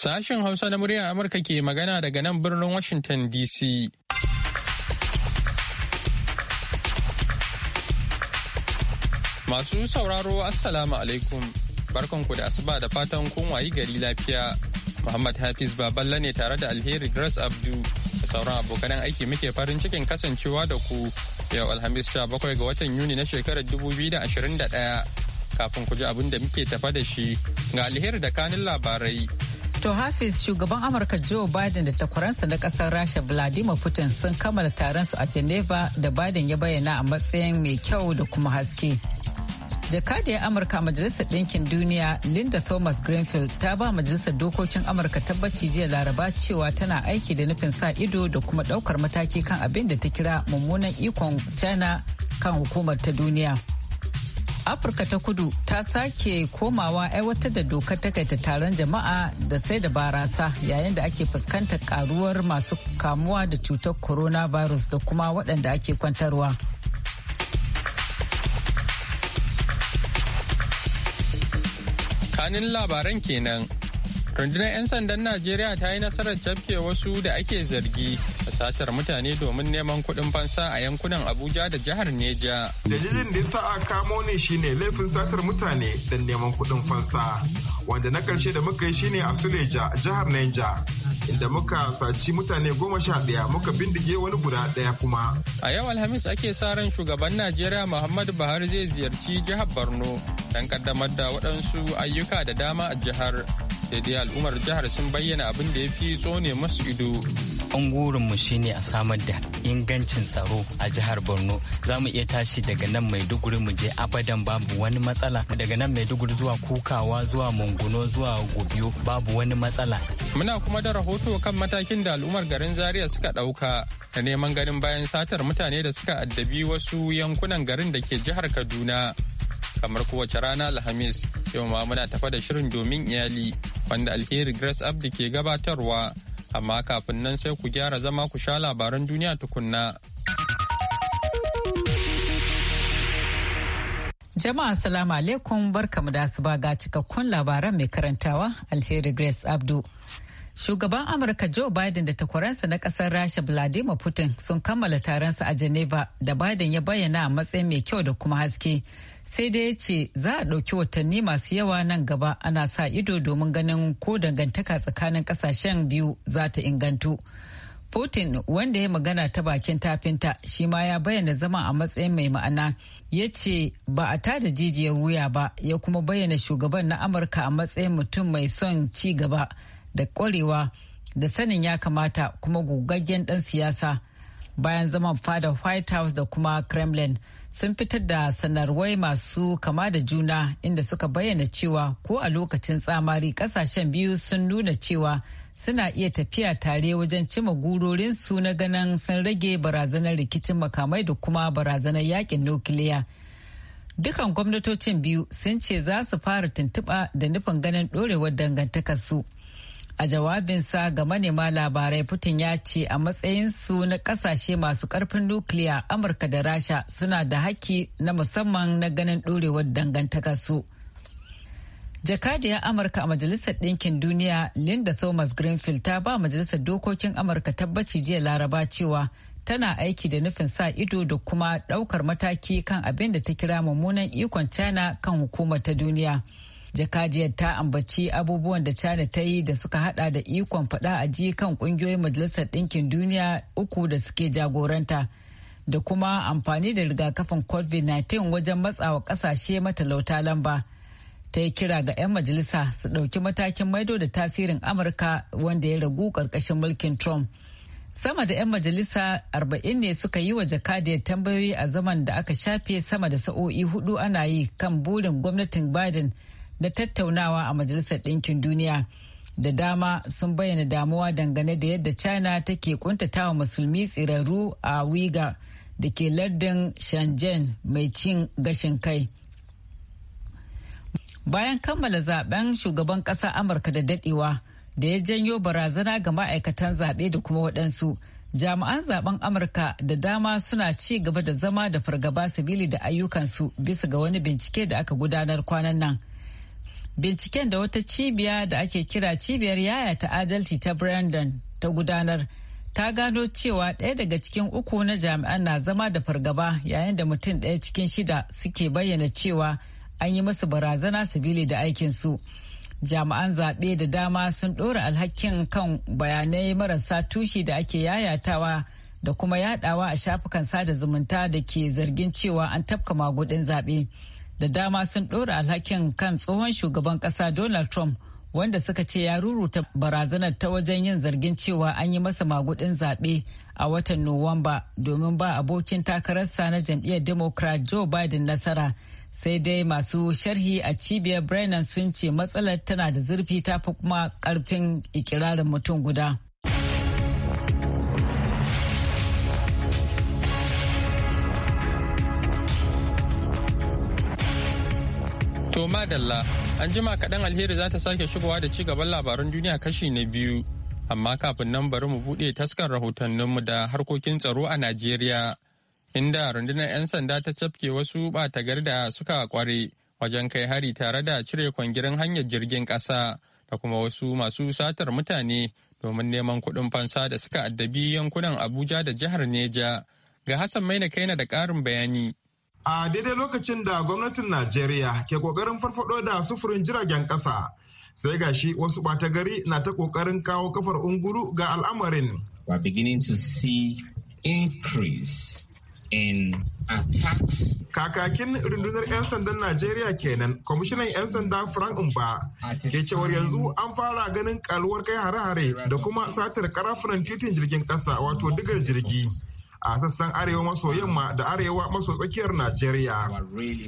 Sashen Hausa na muryar Amurka ke magana daga nan birnin Washington DC. Masu sauraro Assalamu alaikum. Barkanku da asuba da fatan kun wayi gari lafiya. Muhammad Hafiz Baballa ne tare da Alheri Grace Abdu da sauran abokan aiki muke farin cikin kasancewa da ku yau Alhamis 17 ga watan Yuni na shekarar 2021. Kafin ku ji abin da muke tafa da shi ga Alheri da kanin labarai. To Hafiz shugaban Amurka Joe Biden da takwaransa na kasar Rasha Vladimir Putin sun kammala taron su a Geneva da Biden ya bayyana a matsayin mai kyau da kuma haske. Jakadiyar Amurka a Majalisar Ɗinkin Duniya Linda Thomas Greenfield ta ba Majalisar Dokokin Amurka tabbaci jiya Laraba cewa tana aiki da nufin sa ido da kuma ɗaukar mataki kan abin da ta kira mummunan ikon China kan hukumar ta duniya. afirka ta kudu ta sake komawa aiwatar da dokar takaita taron jama'a da sai da barasa yayin da ake fuskantar karuwar masu kamuwa da cutar coronavirus da kuma waɗanda ake kwantarwa kanin labaran kenan rundunar 'yan sandan najeriya ta yi nasarar cafke wasu da ake zargi da satar mutane domin neman kuɗin fansa a yankunan abuja da jihar neja dalilin da yasa a kamo ne shine laifin satar mutane don neman kuɗin fansa wanda na karshe da muka yi shine a suleja jihar neja inda muka saci mutane goma sha ɗaya muka bindige wani guda ɗaya kuma. A yau Alhamis ake sa ran shugaban Najeriya Muhammadu Buhari zai ziyarci jihar Borno don kaddamar da waɗansu ayyuka da dama a jihar sai dai al'ummar jihar sun bayyana abin da ya fi tsone masu ido mu shine a samar da ingancin tsaro a jihar borno za mu iya tashi daga nan maiduguri mu je abadan babu wani matsala daga nan maiduguri zuwa kukawa zuwa munguno zuwa gobiyo babu wani matsala muna kuma da rahoto kan matakin da al'ummar garin zaria suka ɗauka da neman ganin bayan satar mutane da suka addabi wasu yankunan garin da ke jihar kaduna kamar kowace rana Alhamis yau ma muna tafa da shirin domin iyali wanda alheri Grace Abdi ke gabatarwa amma kafin nan sai ku gyara zama ku sha labaran duniya tukunna. Jama'a salamu alaikum barkamu da su ba ga cikakkun labaran mai karantawa alheri Grace Abdu. Shugaban Amurka Joe Biden da takwaransa na kasar Rasha Vladimir Putin sun kammala taronsa a Geneva da Biden ya bayyana a matsayin mai kyau da kuma haske. Sai dai ya ce za a ɗauki watanni masu yawa nan gaba ana sa ido domin ganin ko dangantaka tsakanin ƙasashen biyu za ta ingantu. Putin wanda ya magana ta bakin tafinta shi ma ya bayyana zama a matsayin mai ma'ana ya ce ba a tada jijiyar wuya ba ya kuma bayyana shugaban na Amurka a matsayin mutum mai son ci gaba. da ƙwarewa da sanin ya kamata kuma gugaggen ɗan siyasa bayan zaman fada white house da kuma kremlin sun fitar da sanarwai masu kama da juna inda suka bayyana cewa ko a lokacin tsamari ƙasashen biyu sun nuna cewa suna iya tafiya tare wajen cima gurorinsu na ganin sun rage barazanar rikicin makamai da kuma barazanar yakin nukiliya dukan gwamnatocin biyu sun ce za su fara tuntuɓa da nufin ganin ɗorewar dangantakarsu. su A jawabinsa ga manema labarai Putin ya ce a matsayinsu na kasashe masu karfin nukiliya Amurka da Rasha suna da haki na musamman na ganin ɗorewar dangantakarsu. Jakadiyar Amurka a Majalisar Ɗinkin Duniya Linda Thomas Greenfield ta ba Majalisar Dokokin Amurka tabbaci jiya Laraba cewa tana aiki da nufin sa ido da kuma ɗaukar mataki kan abin da ta kira mummunan ikon China kan hukumar ta duniya. jakajiyar ta ambaci abubuwan da china ta yi da suka hada da ikon fada a ji kan kungiyoyin majalisar ɗinkin duniya uku da suke jagoranta da kuma amfani da rigakafin covid-19 wajen matsawa ƙasashe matalauta lamba ta yi kira ga 'yan majalisa su ɗauki matakin maido da tasirin amurka wanda ya ragu ƙarƙashin mulkin trump sama da 'yan majalisa 40 ne suka yi wa jakadiyar tambayoyi a zaman da aka shafe sama da sa'o'i hudu ana yi kan burin gwamnatin biden da tattaunawa a Majalisar Ɗinkin Duniya. Da dama sun bayyana damuwa dangane da yadda China take kuntatawa musulmi tsirarru a wiga da ke lardin Shenzhen mai cin gashin kai. Bayan kammala zaben shugaban ƙasa Amurka da daɗewa da ya janyo barazana ga ma'aikatan zaɓe da kuma waɗansu. jami'an zaben amurka da dama suna ci gaba da zama da fargaba sabili da ayyukansu bisa ga wani bincike da aka gudanar kwanan nan binciken da wata cibiya da ake kira cibiyar yaya ta adalci ta brandon ta gudanar ta gano cewa ɗaya daga cikin uku na jami'an na zama da fargaba yayin da mutum ɗaya cikin shida suke bayyana cewa an yi masu barazana sabili da aikinsu jami'an zaɓe da dama sun ɗora alhakin kan bayanai marasa tushe da ake yayatawa da kuma yadawa a shafukan sada zumunta da ke zargin cewa an tafka magudin zaɓe. da dama sun ɗora alhakin kan tsohon shugaban ƙasa Donald Trump wanda suka ce ya ruruta barazanar ta wajen yin zargin cewa an yi masa magudin zaɓe a watan Nuwamba domin ba abokin takararsa na jam'iyyar Democrat Joe Biden nasara. Sai dai masu sharhi a cibiyar Brennan sun ce matsalar tana da zurfi ta fi kuma ƙarfin ikirarin mutum guda. madalla an jima kaɗan alheri za ta sake shigowa da ci gaban labaran duniya kashi na biyu amma kafin nan bari mu buɗe taskar rahotanninmu da harkokin tsaro a najeriya inda rundunar 'yan sanda ta cafke wasu ɓata da suka kware wajen kai hari tare da cire kwangirin hanyar jirgin ƙasa da kuma wasu masu satar mutane domin neman kuɗin fansa da suka addabi yankunan abuja da jihar neja ga hassan maina kaina da ƙarin bayani a daidai lokacin da gwamnatin najeriya ke ƙoƙarin farfaɗo da sufurin jiragen ƙasa, sai ga shi wasu bata gari na ta ƙoƙarin kawo kafar unguru ga al'amarin Kakakin rundunar 'yan sandan Najeriya kenan, kwamishinan 'yan sanda Frank Mba ke cewar yanzu an fara ganin kaluwar kai hare-hare da kuma satar karafunan titin jirgin ƙasa, wato digar jirgi. a sassan arewa maso yamma da arewa maso tsakiyar Najeriya.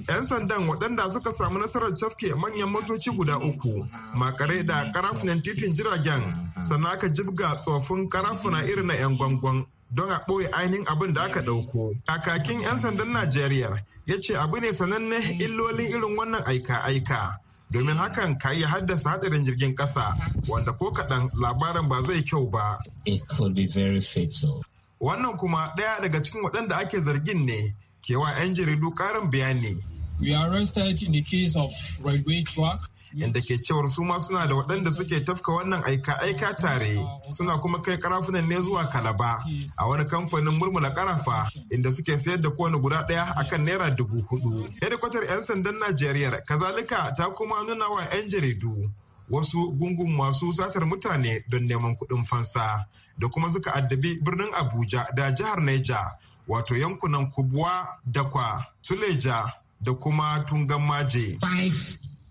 'Yan sandan waɗanda suka samu nasarar cafke manyan motoci guda uku makare da karafunan titin jiragen sannan aka jibga tsofin karafuna irin na 'yan gwangwan don a ɓoye ainihin abin da aka ɗauko. Kakakin 'yan sandan Najeriya ya ce abu ne sananne illolin irin wannan aika-aika. domin hakan ka iya haddasa hadarin jirgin ƙasa, wanda ko kaɗan labarin ba zai kyau ba. It could be very fatal. wannan kuma ɗaya daga cikin waɗanda ake zargin ne kewa 'yan jaridu ƙarin bayani. We arrested in the case of railway track. Inda ke cewar su ma suna da waɗanda suke tafka wannan aika-aika tare suna kuma kai karafunan ne zuwa kalaba a wani kamfanin murmula karafa inda suke sayar da kowane guda ɗaya kan naira dubu hudu. Hedikwatar 'yan sandan Najeriya kazalika ta kuma nuna wa 'yan jaridu wasu gungun masu satar mutane don neman kuɗin fansa da kuma suka addabi birnin abuja da jihar neja wato yankunan kubwa dakwa suleja da kuma tungan maje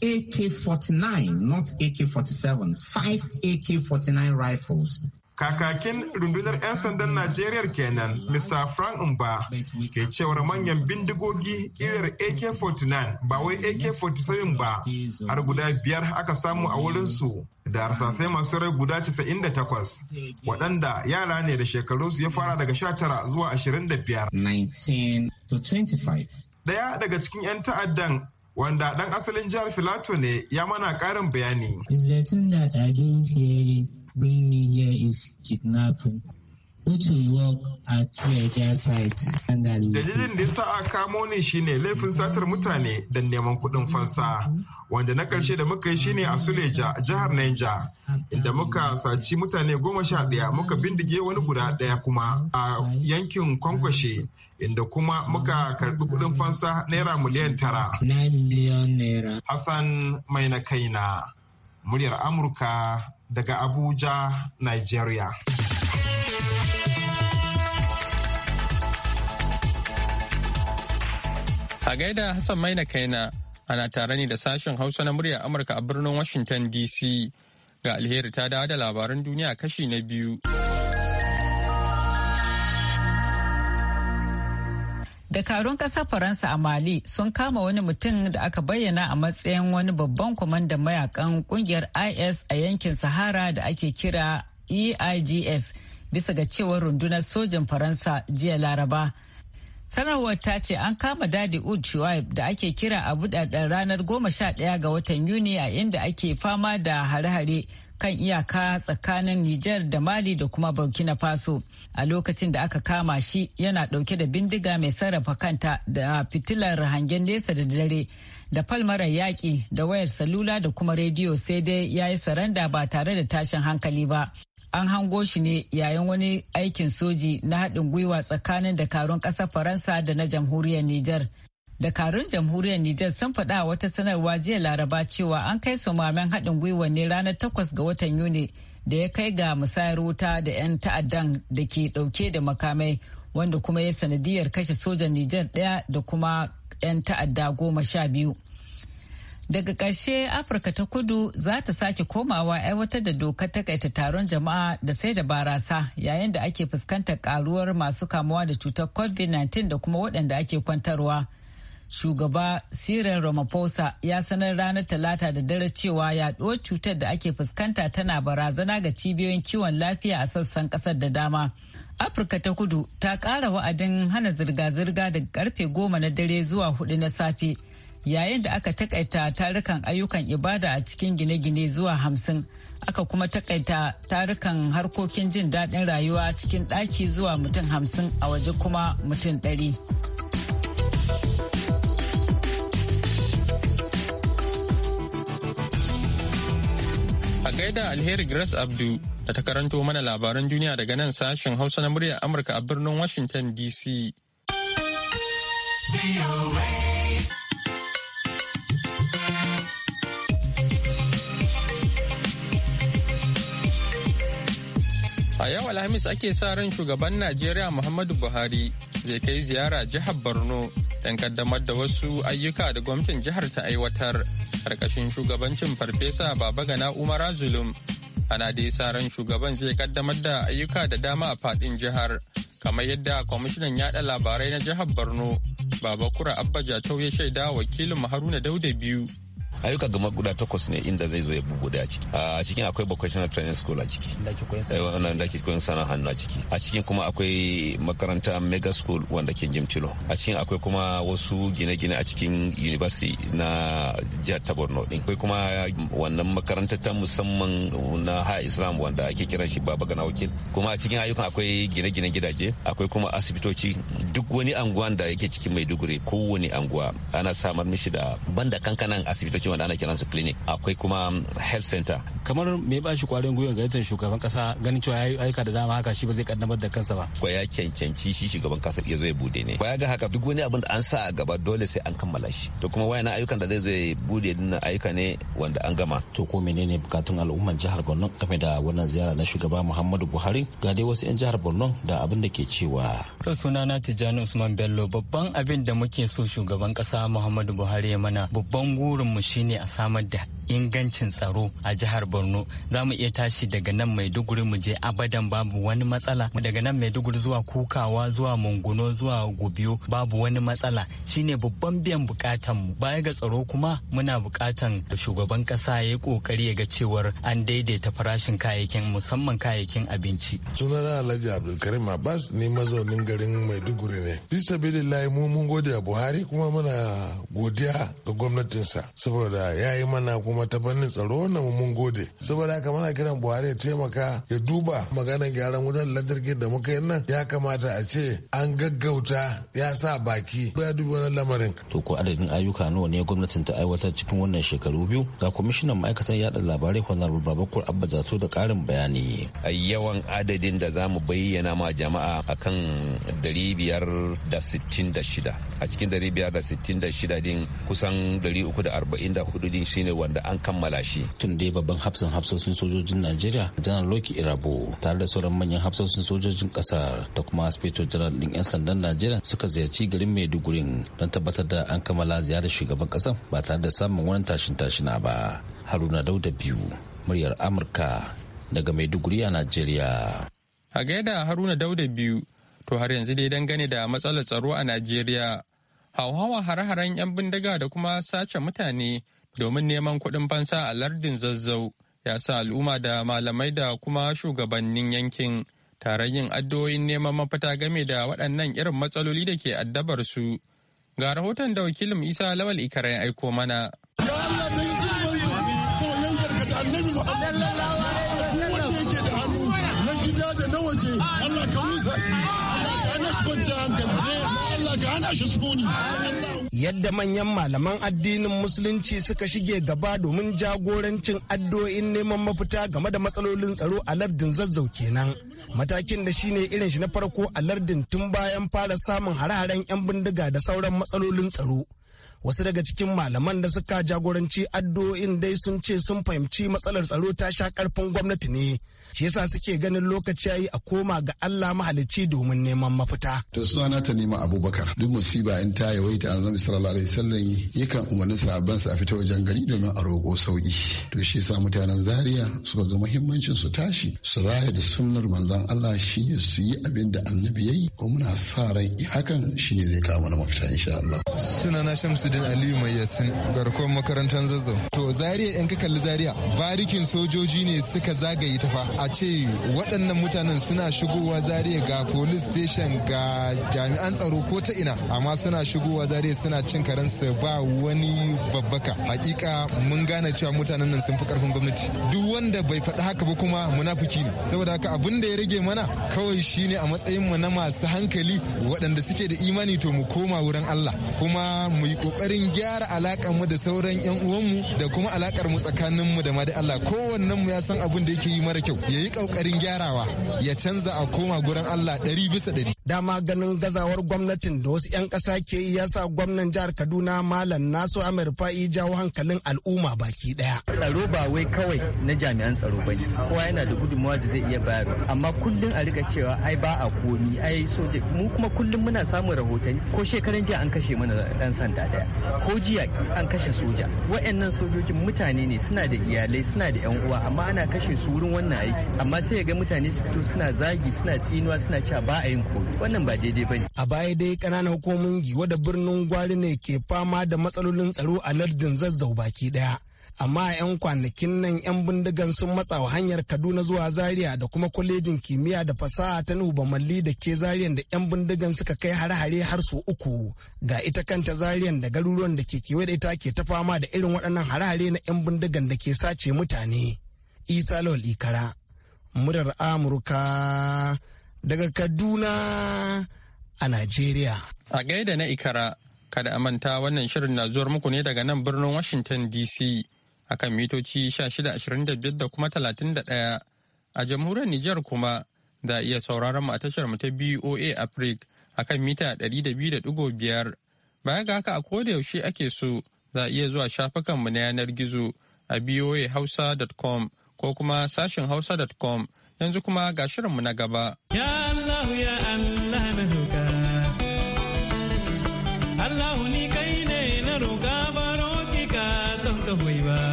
AK-49, not AK-47, five AK-49 rifles kakakin rundunar 'yan sandan najeriya kenan mr frank mba ke cewar manyan bindigogi irin ak-49 ba wai ak-47 ba har guda biyar aka samu a wurinsu da harsasai masu rai guda 98 waɗanda yara ne da shekarunsu ya fara daga 19 zuwa 25 Ɗaya, daga cikin 'yan ta'addan wanda ɗan asalin jihar filato ne ya mana ƙarin bayani. bring here is kidnapping. which will work at site. Dalilin da sa a kamo ni shine laifin satar mutane don neman kuɗin fansa. Wanda na ƙarshe da muka yi shine a Suleja, jihar Niger, inda muka saci mutane goma sha ɗaya muka bindige wani guda ɗaya kuma a yankin Kwankwashe. Inda kuma muka karɓi kuɗin fansa naira miliyan tara. Hassan mai kaina, muryar Amurka daga Abuja, Nigeria. A gaida Hassan Maina Kaina ana tare ne da sashen Hausa na murya Amurka a birnin Washington DC. Ga alheri ta dawo da labaran duniya kashi na biyu. Dakarun ƙasar Faransa a Mali sun kama wani mutum da aka bayyana a matsayin wani babban kwamandan mayakan kungiyar IS a yankin Sahara da ake kira EIGS bisa ga cewar rundunar sojin Faransa jiya Laraba. sanarwar ta ce an kama dadi uchuaib da ake kira a buɗaɗɗen ranar 11 ga watan yuni a inda ake fama da hare-hare kan iyaka tsakanin Nijar da Mali da kuma Burkina Faso. A lokacin da aka kama shi yana ɗauke da bindiga mai sarrafa kanta da fitilar hangen nesa da dare da falmarar yaƙi da wayar salula da kuma rediyo sai dai ya yi saranda ba tare da tashin hankali ba. An hango shi ne yayin wani aikin soji na haɗin gwiwa tsakanin dakarun ƙasar Faransa da na jamhuriyar Nijar. dakarun jamhuriyar Nijar sun faɗa wata sanarwa jiya laraba cewa an kai su sumamen haɗin gwiwa ne ranar takwas ga watan Yuni da ya kai ga musayar wuta da 'yan ta'addan da ke ɗauke da makamai wanda kuma ya sanadiyar kashe sojan Nijar ɗaya da kuma 'yan ta'adda goma sha biyu. Daga ƙarshe Afirka ta kudu za ta sake komawa aiwatar da dokar takaita taron jama'a da sai da barasa yayin da ake fuskantar karuwar masu kamuwa da cutar COVID-19 da kuma waɗanda ake kwantarwa. shugaba Cyril Ramaphosa ya sanar ranar talata da dare cewa yaduwar cutar da ake fuskanta tana barazana ga cibiyoyin kiwon lafiya a sassan kasar da dama. Afirka ta kudu ta kara wa'adin hana zirga-zirga daga karfe goma na dare zuwa hudu na safe yayin da aka takaita tarukan ayyukan ibada a cikin gine-gine zuwa hamsin aka kuma takaita tarukan harkokin jin daɗin rayuwa cikin ɗaki zuwa mutum hamsin a waje kuma mutum ɗari. Gaida Alheri Grace Abdu da ta karanto mana labaran duniya daga nan sashen Hausa na muryar Amurka a birnin Washington DC. A yau Alhamis ake sa ran shugaban Najeriya Muhammadu Buhari zai kai ziyara jihar Borno don kaddamar da wasu ayyuka da gwamnatin jihar ta aiwatar karkashin shugabancin Farfesa Baba Babagana Umar Zulum. Ana dai sa ran shugaban zai kaddamar da ayyuka da dama a fadin jihar kamar yadda kwamishinan yada labarai na jihar Borno Baba kura Abba Jatau ya shaida wakilin Haruna Dauda biyu ayyuka gama guda takwas ne inda zai zo ya bubuɗe a ciki a cikin akwai vocational training school a ciki wanda ke koyon sana eh, hannu a ciki a cikin kuma akwai makaranta mega school wanda ke jim tilo a cikin akwai kuma wasu gine-gine a cikin university na jihar ta borno din akwai kuma wannan makaranta ta musamman na ha islam wanda ake kiran shi baba gana wakil kuma a cikin ayyukan akwai gine-gine gidaje akwai kuma asibitoci duk wani anguwan da yake cikin maiduguri kowane anguwa ana samar mishi da banda kankanan asibitoci wanda ana kiransu clinic akwai kuma um, health center kamar me ba shi kwarin gwiwa ga yatan shugaban kasa ganin cewa yayi aika da dama haka shi ba zai kaddamar da kansa ba ko ya cancanci shi shugaban kasa ya zo ya bude ne ya ga haka duk wani abin da an sa a gaba dole sai an kammala shi to kuma na ayyukan da zai zo ya bude din ayyuka ne wanda an gama to ko menene bukatun al'umman jihar Borno game da wannan ziyara na shugaba Muhammadu Buhari ga dai wasu 'yan jihar Borno da abin da ke cewa to sunana tijani Usman Bello babban abin da muke so shugaban kasa Muhammadu Buhari ya mana babban gurin mu shi ne a samar da ingancin tsaro a jihar borno za mu iya tashi daga nan maiduguri mu je abadan babu wani matsala daga nan maiduguri zuwa kukawa zuwa munguno zuwa gubiyo babu wani matsala shine babban biyan bukatan mu baya ga tsaro kuma muna bukatan shugaban kasa ya yi kokari ya ga cewar an daidaita farashin kayayyakin musamman kayayyakin abinci sunana alhaji abdulkarim abbas ni mazaunin garin maiduguri ne bisa billahi mu mun gode a buhari kuma muna godiya ga gwamnatinsa saboda ya yi mana kuma kuma ta fannin tsaro na mun gode saboda haka muna kiran buhari ya taimaka ya duba maganar gyaran wutar lantarki da muka yi nan ya kamata a ce an gaggauta ya sa baki ya dubi wannan lamarin to ko adadin ayyuka nawa ne gwamnatin ta aiwatar cikin wannan shekaru biyu ga kwamishinan ma'aikatan yaɗa labarai honorable babakur abba zato da karin bayani yawan adadin da za mu bayyana ma jama'a akan shida a cikin dari biyar da sittin shida din kusan dari uku da da arba'in hudu din shine wanda an kammala shi tun dai babban hafsan hafsoshin sojojin najeriya janar loki irabo tare da sauran manyan hafsoshin sojojin kasar da kuma aspeto janar din yan sandan najeriya suka ziyarci garin maiduguri don tabbatar da an kammala ziyarar shugaban kasar ba tare da samun wani tashin tashina ba haruna dauda biyu muryar amurka daga maiduguri a najeriya a gaida haruna dauda biyu to har yanzu dai gane da matsalar tsaro a najeriya hauhawa hare-haren 'yan bindiga da kuma sace mutane domin neman kuɗin fansa a lardin zazzau ya sa al'umma da malamai da kuma shugabannin yankin taron yin addu'o'in neman mafita game da waɗannan irin matsaloli da ke addabar su ga rahoton da wakilin isa lawal ikarai aiko mana Allah ka hana shi sukuni. yadda manyan malaman addinin musulunci suka shige gaba domin jagorancin addu'o'in neman mafita game da matsalolin tsaro a lardin zazzau kenan matakin da shine irin shi na farko a lardin tun bayan fara samun hare-haren 'yan bindiga da sauran matsalolin tsaro wasu daga cikin malaman da suka jagoranci addu'o'in dai sun ce sun fahimci matsalar tsaro ta sha karfin gwamnati ne shi yasa suke ganin lokaci yayi a koma ga Allah mahalicci domin neman mafita to na ta nema Abubakar duk musiba in ta yi yawaita annabi sallallahu alaihi wasallam yakan umarni sahabban sa a fita wajen gari domin a roƙo sauki to shi yasa mutanen Zaria suka ga muhimmancin su tashi su raya da sunnar manzon Allah shi ne su yi abin da annabi yayi ko muna sa ran hakan shi ne zai kawo mana mafita insha Allah sunana Shamsuddin Aliyu Mai Yasin garkon makarantar Zazzau to Zariya in ka kalli Zariya, barikin sojoji ne suka zagaye ta fa a ce waɗannan mutanen suna shigowa zariya ga police station ga jami'an tsaro ko ta ina amma suna shigowa zariya suna cin karensu ba wani babbaka hakika mun gane cewa mutanen nan sun fi karfin gwamnati duk wanda bai faɗi haka ba kuma munafiki ne saboda haka abin da ya rage mana kawai shine a matsayin mu na masu hankali waɗanda suke da imani to mu koma wurin Allah kuma mu yi kokarin gyara alakar mu da sauran yan uwanmu da kuma alakar mu tsakanin mu da ma da Allah kowannen mu ya san abin da yake yi mara kyau ya yi ƙoƙarin gyarawa ya canza a koma gurin Allah ɗari bisa ɗari. Dama ganin gazawar gwamnatin da wasu 'yan ƙasa ke yi ya sa gwamnan jihar Kaduna Malam Nasu Amir Fa'i jawo hankalin al'umma baki ɗaya. Tsaro ba wai kawai na jami'an tsaro ba ne. Kowa yana da gudunmawa da zai iya bayarwa. Amma kullum a rika cewa ai ba a komi ai soja mu kuma kullum muna samun rahotanni ko shekaran jiya an kashe mana ɗan sanda daya ko jiya an kashe soja. Wa'annan sojojin mutane ne suna da iyalai suna da 'yan uwa amma ana kashe su wurin wannan aiki. amma sai ya ga mutane su fito suna zagi suna tsinuwa suna cewa ba a yin kori wannan ba daidai bane a baya dai kananan hukumomin giwa da birnin gwari ne ke fama da matsalolin tsaro a lardin zazzau baki daya amma a 'yan kwanakin nan 'yan bindigan sun matsa wa hanyar kaduna zuwa zaria da kuma kwalejin kimiyya da fasaha ta nuba malli da ke zariyan da 'yan bindigan suka kai hare-hare har su uku ga ita kanta zariyan da garuruwan da ke kewaye da ita ke ta fama da irin waɗannan hare-hare na 'yan bindigan da ke sace mutane isa lol ikara murar Amurka daga Kaduna a Najeriya. A gaida na Ikara, kada a manta wannan shirin na zuwar muku ne daga nan birnin Washington DC kan mitoci 1625 da kuma 31 a jamhuriyar Nijar kuma za a iya sauraron mu a tashar mu ta BOA Africa akan mita 200.5 baya ga haka a koda yaushe ake so za a iya zuwa shafukanmu na yanar gizo a boahausa.com ko kuma sashin hausa.com yanzu kuma ga shirinmu na gaba. Ya Allah ya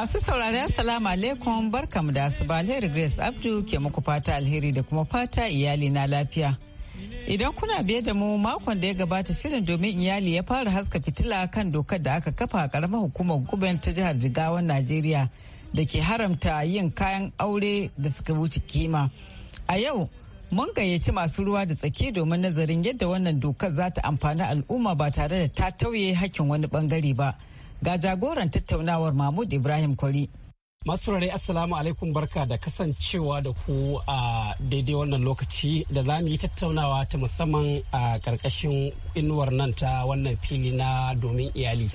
Masu saurari Assalamu alaikum barkamu da su alheri Grace Abdu ke muku fata alheri da kuma fata iyali na lafiya. Idan kuna biye da mu makon da ya gabata shirin domin iyali ya fara haska fitila kan dokar da aka kafa a karamar hukumar guben ta jihar Jigawan Najeriya da ke haramta yin kayan aure da suka wuce kima. A yau mun gayyaci masu ruwa da tsaki domin nazarin yadda wannan dokar za ta amfani al'umma ba tare da ta tauye hakkin wani bangare ba. Ga jagoran tattaunawar Mahmud Ibrahim Kwari. Masu rare Assalamu alaikum barka da kasancewa da ku a daidai wannan lokaci da za mu yi tattaunawa ta musamman a ƙarƙashin inuwar nan ta wannan fili na domin iyali.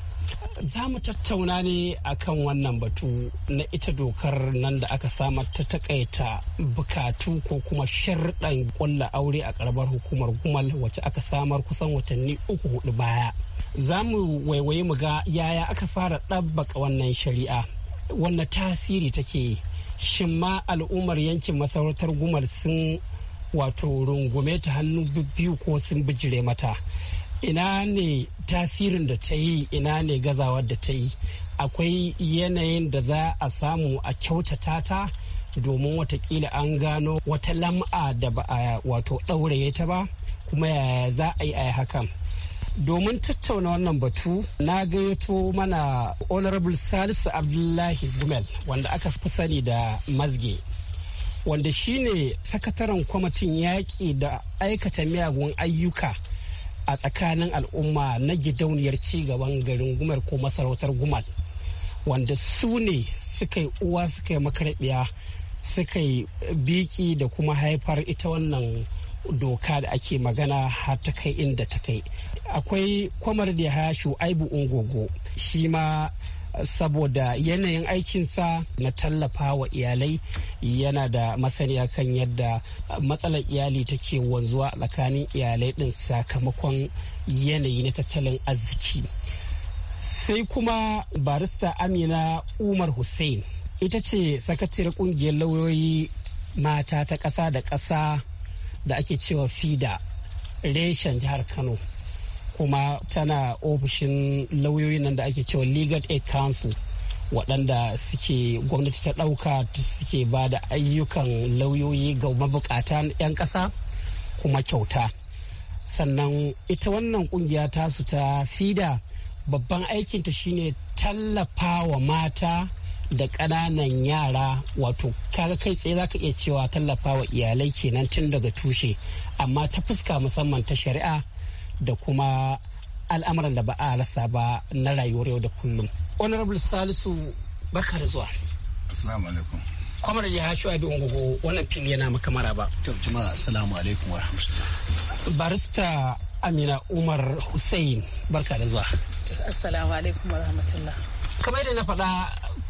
Za mu tattauna ne a kan wannan batu na ita dokar nan da aka sama ta takaita bukatu ko kuma sharɗan ƙulla aure a ƙaramar hukumar gumal wacce aka samar kusan watanni uku hudu baya. za mu waiwaye mu ga yaya aka fara ɗabbaka wannan shari'a wanne tasiri take shin ma al'ummar yankin masarautar gumal sun wato rungume ta hannu biyu ko sun bijire mata ina ne tasirin da ta yi ina ne gazawar da ta yi akwai yanayin da za a samu a kyautata ta domin watakila an gano wata lam'a da ba a wato ɗauraye ta ba kuma yaya za a yi a hakan domin tattauna wannan batu na gayyato mana honorable salisu abdullahi gumel wanda aka fi sani da mazge wanda shine sakataren kwamitin yaƙi da aikata miyagun ayyuka a tsakanin al'umma na gidauniyar cigaban garin Gumel ko masarautar Gumel wanda su ne suka yi uwa suka yi makarabiya suka yi biki da kuma haifar ita wannan doka da ake magana har ta kai inda ta kai akwai kwamar da ya shu'aibu ungogo shi ma saboda yanayin aikinsa na tallafa wa iyalai yana da masaniya kan yadda matsalar iyali take wanzuwa a tsakanin iyalai din sakamakon yanayi na tattalin arziki sai kuma barista amina umar hussein ita ce sakatar kungiyar lauyoyi mata ta ƙasa da ƙasa da ake cewa fida reshen jihar kano kuma tana ofishin lauyoyin nan da ake cewa legal aid council waɗanda suke gwamnati ta ɗauka suke ba da ayyukan lauyoyi ga mabukatan 'yan ƙasa kuma kyauta sannan ita wannan ƙungiya ta su ta fida babban aikinta shine tallafawa mata da ƙananan yara wato kaga kai tsaye zaka iya cewa tallafawa iyalai kenan tun daga tushe amma ta fuska musamman ta shari'a da kuma al'amuran da ba a rasa ba na rayuwar yau da kullum honorable salisu Bakar zuwa assalamu alaikum kwamar ya shu abi ungugu wannan fili yana maka ba. to jama'a assalamu alaikum wa barista amina umar hussein barka da zuwa assalamu alaikum wa rahmatullah kamar yadda na faɗa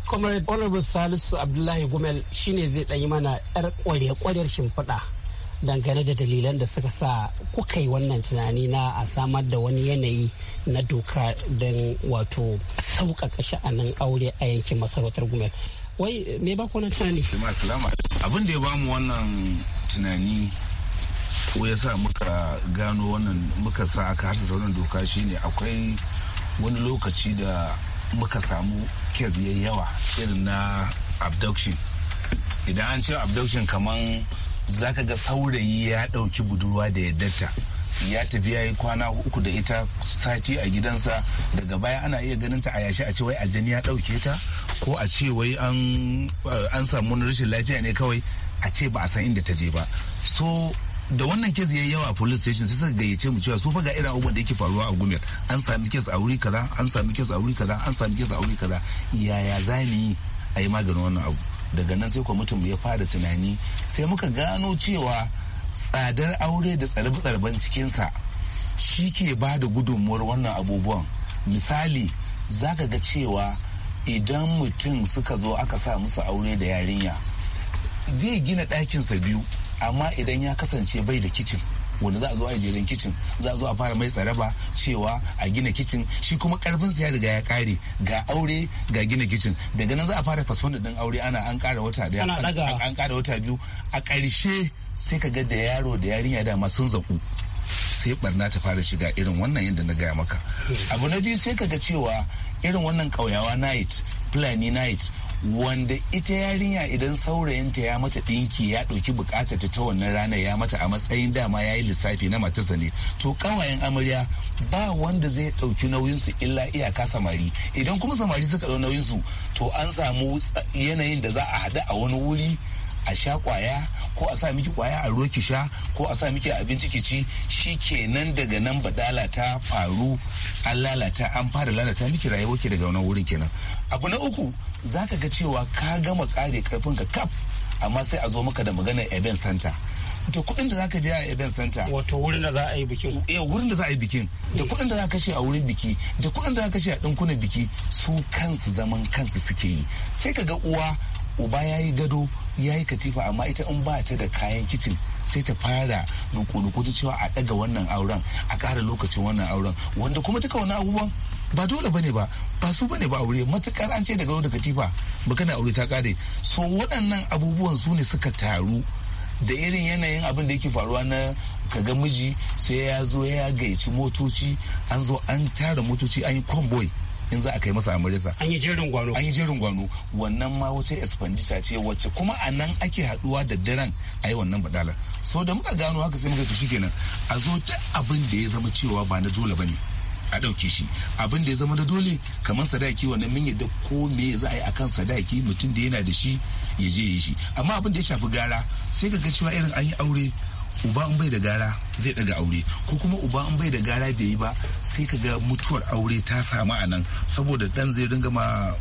comrade honorable salisu abdullahi gumel shine zai ɗanyi mana yar ƙwarya-ƙwaryar shimfiɗa dangane da dalilan da suka sa kuka yi wannan tunani na a samar da wani yanayi na doka don wato sauƙaƙa sha'anin aure a yankin masarautar gumel wai me ba ku tunani abin da ya bamu wannan tunani ko ya sa muka gano wannan muka sa aka harsa sauran doka shine akwai wani lokaci da muka samu kes yayi yawa irin na abduction idan an ce abduction kaman za ka ga saurayi ya ɗauki budurwa da yaddarta ya tafi ya yi kwana uku da ita sati a gidansa daga baya ana iya ganin ta a yashi a ce wai ajani ya ɗauke ta ko a ce wai an samu rashin lafiya ne kawai a ce ba a san inda ta je ba so da wannan kes ya yawa police station sai suka gayyace mu cewa su faga ga irin abubuwan da yake faruwa a gumel an sami kes a wuri kaza an sami kes a wuri kaza an sami kes a wuri kaza yaya za mu yi a yi maganin wannan abu daga nan sai kwamitin ya fara tunani sai muka gano cewa tsadar aure da tsarbe-tsarben cikinsa shi ke ba da gudunmuwar wannan abubuwan misali za ka ga cewa idan mutum suka zo aka sa musu aure da yarinya zai gina ɗakinsa biyu amma idan ya kasance bai da kicin wanda za a zo a jerin kicin za a zo a fara mai tsaraba cewa a gina kicin shi kuma karfin ya riga ya kare ga aure ga gina kicin daga nan za a fara fasfon din aure ana an kara wata daya an kara wata biyu a ƙarshe sai ka ga da yaro da yarinya dama sun zaku sai barna ta fara shiga irin wannan yadda na gaya maka abu na biyu sai ka ga cewa irin wannan ƙauyawa night fulani night wanda ita yarinya idan saurayinta ya mata ɗinki ya ɗauki bukatar ta ta wannan ranar ya mata a matsayin dama ya yi lissafi na matarsa ne to ƙawayen amarya ba wanda zai ɗauki nauyinsu illa iyaka samari idan kuma samari suka ɗau nauyinsu to an samu yanayin da za a haɗu a wani wuri a sha kwaya ko a sa miki kwaya a ruwa ki sha ko a sa miki abinci ki ci shi kenan daga nan badala ta faru an lalata an fara lalata miki rayuwar ki daga wani wurin kenan abu na uku za ka ga cewa ka gama kare karfin ka kaf amma sai a zo maka da magana event center da kuɗin da za ka biya a event center wato wurin da za a yi bikin eh wurin da za a yi bikin da eh. kuɗin da za kashe a wurin biki da kuɗin da za kashe a ɗinkunan biki su kansu zaman kansu suke yi sai ka ga uwa uba ya yi gado ya yi katifa amma ita in ba ta da kayan kicin sai ta fara duku ta cewa a daga wannan auren a kara lokacin wannan auren wanda kuma ta kauna abubuwan ba dole bane ba ba su bane ba aure matukar an ce daga da katifa ba kana aure ta kare so waɗannan abubuwan su ne suka taru da irin yanayin abin da yake faruwa na kaga miji sai ya zo ya gaici motoci an zo an tara motoci an yi convoy in za a kai masa amurisa an yi jerin gwano an yi jerin gwano wannan ma wace expenditure ce wacce kuma a nan ake haduwa da daren a yi wannan badala so da muka gano haka sai muka ci kenan a zo duk abin da ya zama cewa ba na dole bane a ɗauke shi abin da ya zama da dole kamar sadaki wannan mun yadda ko me za a yi akan sadaki mutum da yana da shi ya je yi shi amma abin da ya shafi gara sai ka ga cewa irin an yi aure uba in bai da gara zai daga aure ko kuma uba in bai da gara bai yi ba sai ka ga mutuwar aure ta samu a nan saboda dan zai dinga ma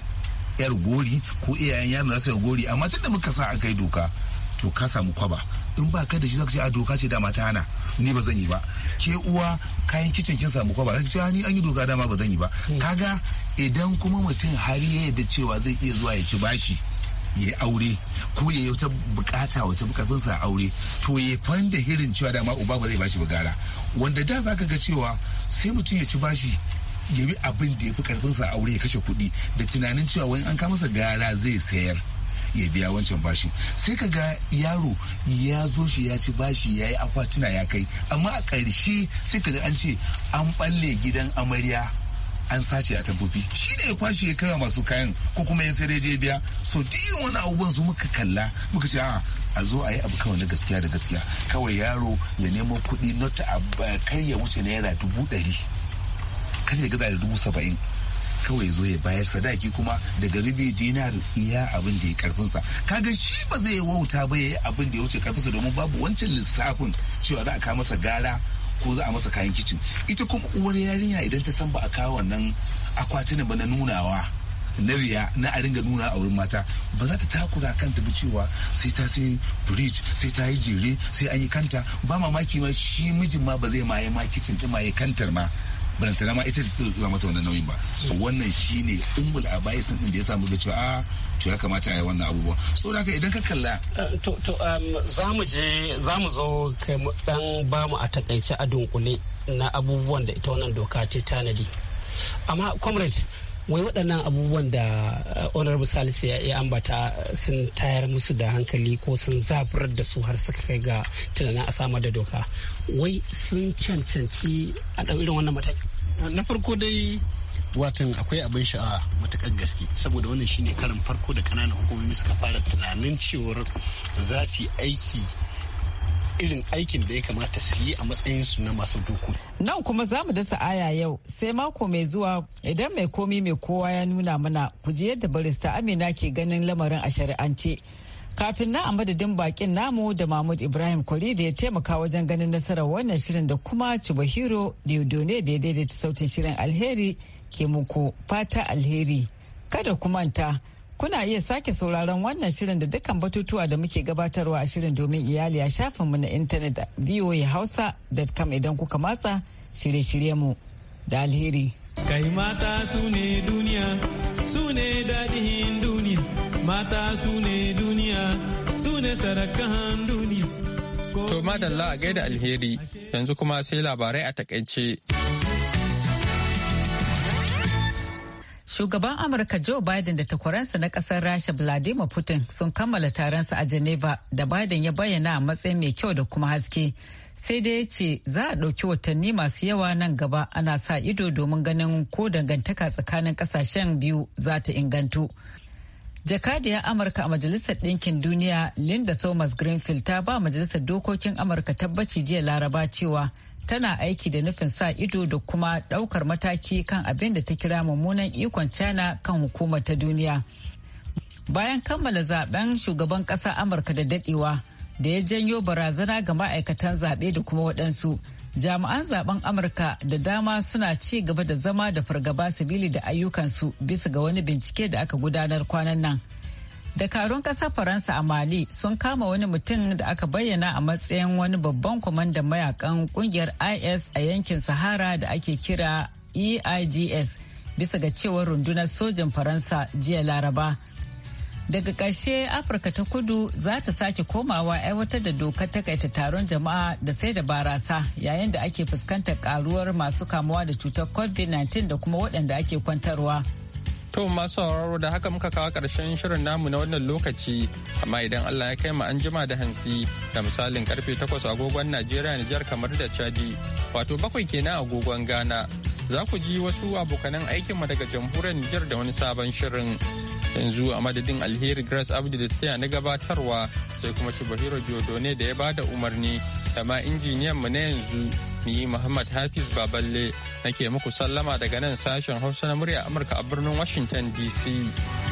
yar gori ko iyayen yaron za su yi gori amma tunda muka sa aka yi doka to ka samu kwaba in ba ka da shi zaka ce a doka ce dama ta hana ni ba zan yi ba ke uwa kayan kicin kin samu kwaba zaka ce ni an yi doka dama ba zan yi ba hmm. kaga idan kuma mutum har ya yarda cewa zai iya zuwa ya ci bashi ya aure ko ya wata bukata wata bukatunsa a aure to ya fanda hirin cewa dama uba ba zai bashi bugara wanda da za ka ga cewa sai mutum ya ci bashi ya bi abin da ya fi karfinsa aure ya kashe kuɗi da tunanin cewa wani an kama gara zai sayar ya biya wancan bashi sai ka ga yaro ya zo shi ya ci bashi ya yi akwatuna ya kai amma a ƙarshe sai ka ga an ce an ɓalle gidan amarya an sace a tabbobi shi ne ya kwashe ya kawo masu kayan ko kuma ya sai je biya so duk wani abubuwan su muka kalla muka ce a zo a yi abu kawai na gaskiya da gaskiya kawai yaro ya nemo kuɗi not kar ya wuce naira dubu ɗari kar ya gaza da dubu saba'in kawai zo ya bayar sadaki kuma daga rubi dinar iya abin da ya karfinsa kaga shi ba zai wauta ba ya yi abin da ya wuce karfinsa domin babu wancan lissafin cewa za a kawo masa gara ko za a masa kayan kicin ita kuma uwar yarinya idan ta san ba a kawo wannan akwatunan ba na nunawa na riya na a ringa nuna a wurin mata ba za ta takura kanta ba cewa sai ta sai bridge sai ta yi jere sai an yi kanta ba mamaki ma shi mijin ma ba zai maye ma kicin ta maye kantar ma barantana ma ita da zuwa mata wannan nauyin ba so wannan shine ummul abaisin din da ya samu da cewa a ah, to ya kamata a yi wannan abubuwa so da idan ka kalla eh, to um, za mu je za mu zo kai dan ba mu a takaice a dunkule na abubuwan da ita wannan doka ce tanadi amma comrade wai waɗannan abubuwan da uh, onar salisu ya ambata uh, sun tayar musu da hankali ko sun zaburar da su har suka kai ga tunanin a samar da doka wai sun cancanci a ɗau irin wannan mataki uh, na farko dai watan akwai abin sha'a matuƙar gaske saboda wannan shine karin farko da kananan hukumomi suka fara tunanin cewar za su yi aiki irin aikin da ya kamata su yi a matsayinsu na masu doku. Nan kuma za mu dasa aya yau sai mako mai zuwa idan mai komi mai kowa ya nuna mana ku ji yadda barista Amina ke ganin lamarin a shari'ance. Kafin na a madadin bakin namu da Mahmud Ibrahim Kwari da ya taimaka wajen ganin nasarar wannan shirin da kuma Chubahiro Diodone da ya daidaita sautin shirin alheri ke muku fata alheri. Kada ku manta. Kuna iya sake sauraron wannan shirin da dukkan batutuwa da muke gabatarwa a shirin domin iyali a shafinmu na intanet voahausa.com idan kuka matsa shirye-shiryenmu da alheri. Kai mata su ne duniya, su ne daɗin duniya, mata su ne duniya, su ne sarakan duniya. To madalla a gaida alheri, yanzu kuma sai labarai a takaice. Shugaban Amurka Joe Biden da takwaransa na kasar Rasha Vladimir Putin sun kammala taronsa a Geneva da Biden ya bayyana a matsayin mai kyau da kuma haske. Sai dai ya ce za a ɗauki watanni masu yawa nan gaba ana sa ido domin ganin ko dangantaka tsakanin kasashen biyu za ta ingantu. Jakadiyar Amurka a Majalisar Ɗinkin Duniya Linda Thomas Greenfield ta ba Majalisar Dokokin Amurka tabbaci jiya Laraba cewa tana aiki da nufin sa ido da kuma daukar mataki kan abin da ta kira mummunan ikon china kan hukumar ta duniya bayan kammala zaben shugaban kasa amurka da dadewa da ya janyo barazana ga ma'aikatan zaɓe da kuma waɗansu jami'an zaben amurka da dama suna ci gaba da zama da fargaba sabili da ayyukansu bisa ga wani bincike da aka gudanar kwanan nan dakarun kasar faransa a mali sun kama wani mutum da aka bayyana a matsayin wani babban kwamandan mayakan kungiyar is a yankin sahara da ake kira eigs bisa ga cewar rundunar sojan faransa jiya laraba daga ƙarshe afirka ta kudu za ta sake komawa aiwatar da dokar takaita taron jama'a da sai da barasa yayin da ake fuskantar karuwar masu kamuwa da cutar covid-19 da kuma waɗanda ake kwantarwa. To masu sauraro da haka muka kawo ƙarshen shirin namu na wannan lokaci, amma idan Allah ya kai mu an jima da hansi da misalin karfe takwas agogon Najeriya Nijar kamar da Chadi, wato bakwai kenan agogon Ghana. Za ku ji wasu abokanan aikinmu daga jamhuriyar Nijar da wani sabon shirin. Yanzu a madadin Alheri Grace Abdu da ta na gabatarwa sai kuma Shubahiro ne da ya bada umarni da ma injiniyan mu na yanzu ni Muhammad Hafiz Baballe nake muku sallama daga nan sashen hausa na murya amurka a birnin washington dc